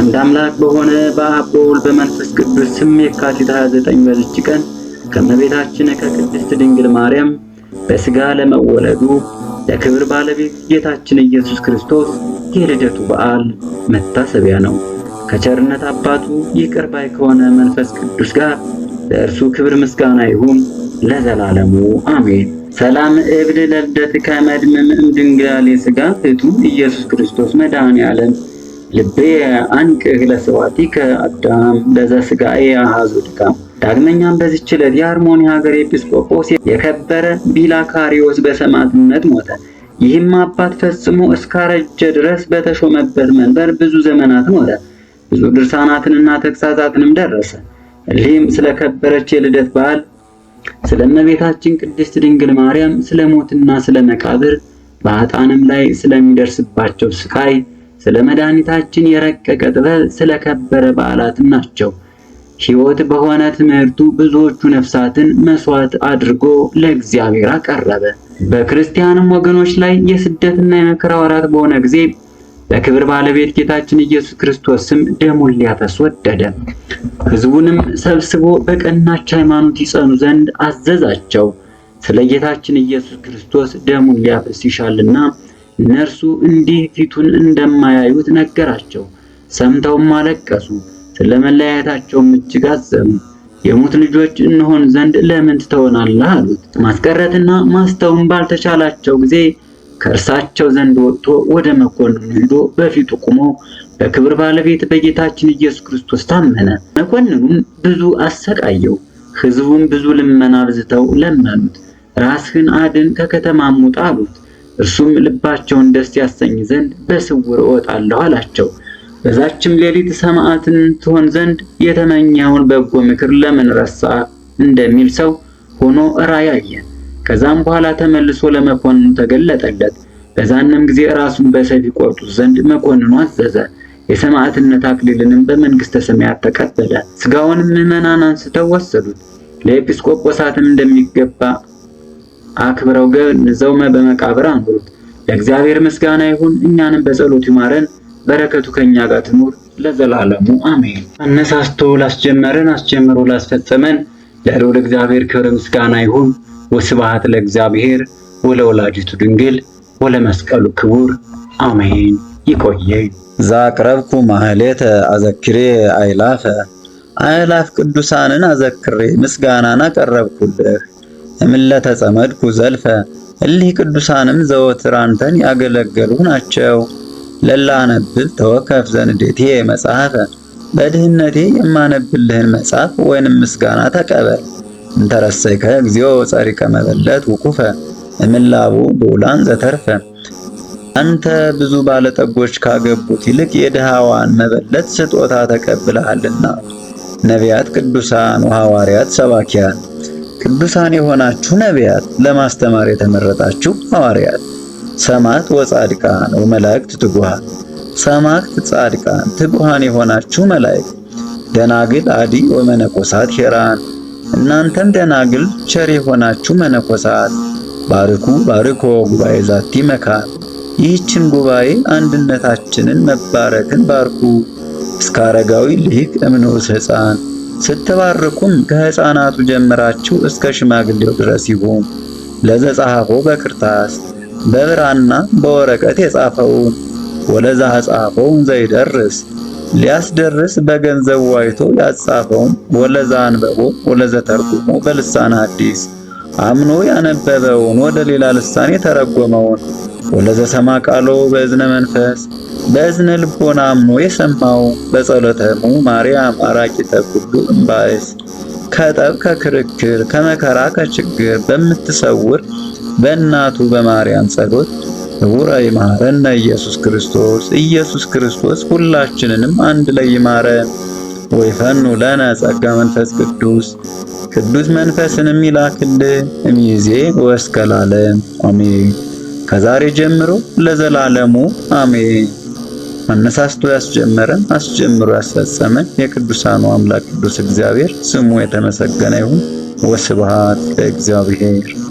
አንድ አምላክ በሆነ በአብ በወልድ በመንፈስ ቅዱስ ስም የካቲት 29 በዚች ቀን ከእመቤታችን ከቅድስት ድንግል ማርያም በስጋ ለመወለዱ ለክብር ባለቤት ጌታችን ኢየሱስ ክርስቶስ የልደቱ በዓል መታሰቢያ ነው። ከቸርነት አባቱ ይቅር ባይ ከሆነ መንፈስ ቅዱስ ጋር ለእርሱ ክብር ምስጋና ይሁን ለዘላለሙ አሜን። ሰላም እብል ለልደት ከመድምም እምድንግላሌ ስጋ ፍቱ ኢየሱስ ክርስቶስ መድኃኔ ዓለም ልቤ አንቅ ለሰዋቲከ አዳም ለዘ ስጋኤ አሃዙ ድካም። ዳግመኛም በዚች ዕለት የአርሞኒ ሀገር ኤጲስቆጶስ የከበረ ቢላካሪዎስ በሰማዕትነት ሞተ። ይህም አባት ፈጽሞ እስካረጀ ድረስ በተሾመበት መንበር ብዙ ዘመናት ሞተ። ብዙ ድርሳናትንና ተግሳጻትንም ደረሰ። እሊህም ስለከበረች የልደት በዓል፣ ስለ እመቤታችን ቅድስት ድንግል ማርያም፣ ስለ ሞትና ስለ መቃብር በአጣንም ላይ ስለሚደርስባቸው ስቃይ ስለ መድኃኒታችን የረቀቀ ጥበብ ስለከበረ በዓላትም ናቸው። ሕይወት በሆነ ትምህርቱ ብዙዎቹ ነፍሳትን መስዋዕት አድርጎ ለእግዚአብሔር አቀረበ። በክርስቲያንም ወገኖች ላይ የስደትና የመከራ ወራት በሆነ ጊዜ በክብር ባለቤት ጌታችን ኢየሱስ ክርስቶስ ስም ደሙን ሊያፈስ ወደደ። ሕዝቡንም ሰብስቦ በቀናች ሃይማኖት ይጸኑ ዘንድ አዘዛቸው። ስለ ጌታችን ኢየሱስ ክርስቶስ ደሙን ሊያፈስ ይሻልና እነርሱ እንዲህ ፊቱን እንደማያዩት ነገራቸው። ሰምተውም አለቀሱ፣ ስለ መለያየታቸውም እጅግ አዘኑ። የሙት ልጆች እንሆን ዘንድ ለምን ትተውናለህ? አሉት። ማስቀረትና ማስተውም ባልተቻላቸው ጊዜ ከእርሳቸው ዘንድ ወጥቶ ወደ መኮንኑ ሄዶ በፊቱ ቆሞ በክብር ባለቤት በጌታችን ኢየሱስ ክርስቶስ ታመነ። መኮንኑም ብዙ አሰቃየው። ሕዝቡም ብዙ ልመና አብዝተው ለመኑት። ራስህን አድን ከከተማም ውጣ አሉት። እርሱም ልባቸውን ደስ ያሰኝ ዘንድ በስውር እወጣለሁ አላቸው። በዛችም ሌሊት ሰማዕትን ትሆን ዘንድ የተመኘውን በጎ ምክር ለምን ረሳ እንደሚል ሰው ሆኖ ራእይ አየ። ከዛም በኋላ ተመልሶ ለመኮንኑ ተገለጠለት። በዛንም ጊዜ ራሱን በሰይፍ ይቆርጡት ዘንድ መኮንኑ አዘዘ። የሰማዕትነት አክሊልንም በመንግሥተ ሰማያት ተቀበለ። ስጋውንም ምዕመናን አንስተው ወሰዱት። ለኤጲስቆጶሳትም እንደሚገባ አክብረው ዘውመ በመቃብር አንብሩት። ለእግዚአብሔር ምስጋና ይሁን፣ እኛንም በጸሎት ይማረን፣ በረከቱ ከእኛ ጋር ትኑር ለዘላለሙ አሜን። አነሳስቶ ላስጀመረን አስጀምሮ ላስፈጸመን ለልዑል እግዚአብሔር ክብር ምስጋና ይሁን። ወስብሐት ለእግዚአብሔር ወለወላዲቱ ድንግል ወለመስቀሉ ክቡር አሜን። ይቆየኝ። ዛቅረብኩ ማህሌተ አዘክሬ አይላፈ አይላፍ ቅዱሳንን አዘክሬ ምስጋናን አቀረብኩልህ። እምለተ ጸመድኩ ዘልፈ እሊህ ቅዱሳንም ዘወትር አንተን ያገለገሉ ናቸው። ለላ አነብብ ተወከፍ ዘንዴቴ መጽሐፈ በድህነቴ የማነብልህን መጽሐፍ ወይንም ምስጋና ተቀበል። እንተረሰይከ እግዚኦ ጸሪቀ መበለት ውቁፈ እምላቡ ብዑላን ዘተርፈ አንተ ብዙ ባለጠጎች ካገቡት ይልቅ የድሃዋን መበለት ስጦታ ተቀብለሃልና። ነቢያት ቅዱሳን ወሐዋርያት ሰባኪያን ቅዱሳን የሆናችሁ ነቢያት፣ ለማስተማር የተመረጣችሁ ሐዋርያት፣ ሰማዕት ወጻድቃን ወመላእክት ትጉሃን፣ ሰማዕት ጻድቃን ትጉሃን የሆናችሁ መላእክት፣ ደናግል አዲ ወመነኮሳት ሄራን፣ እናንተም ደናግል ቸር የሆናችሁ መነኮሳት ባርኩ ባርኮ ጉባኤ ዛቲ መካን፣ ይህችን ጉባኤ አንድነታችንን መባረክን ባርኩ። እስከ አረጋዊ ልሂቅ ህፃን ሕፃን ስትባርኩም ከሕፃናቱ ጀምራችሁ እስከ ሽማግሌው ድረስ ይሁን። ለዘጻፈው በክርታስ በብራና በወረቀት የጻፈው ወለዛ ጻፈው ዘይደርስ ሊያስደርስ በገንዘብ ዋይቶ ያጻፈውን ወለዛ አንበቦ ወለዘ ተርጉሞ በልሳን አዲስ አምኖ ያነበበውን ወደ ሌላ ልሳን የተረጎመውን ወለዘሰማ ቃሎ በእዝነ መንፈስ በእዝነ ልቦና አምኖ የሰማው በጸሎተሙ ማርያም አራቂ ኩሉ እምባይስ ከጠብ ከክርክር ከመከራ ከችግር በምትሰውር በእናቱ በማርያም ጸሎት ህቡረ ይማረነ ኢየሱስ ክርስቶስ ኢየሱስ ክርስቶስ ሁላችንንም አንድ ላይ ይማረ ወይ ፈኑ ለነ ጸጋ መንፈስ ቅዱስ ቅዱስ መንፈስንም ይላክልን እምይእዜ ወእስከ ለዓለም አሜን። ከዛሬ ጀምሮ ለዘላለሙ አሜን። አነሳስቶ ያስጀመረን አስጀምሮ ያስፈጸመን የቅዱሳኑ አምላክ ቅዱስ እግዚአብሔር ስሙ የተመሰገነ ይሁን። ወስብሐት ለእግዚአብሔር።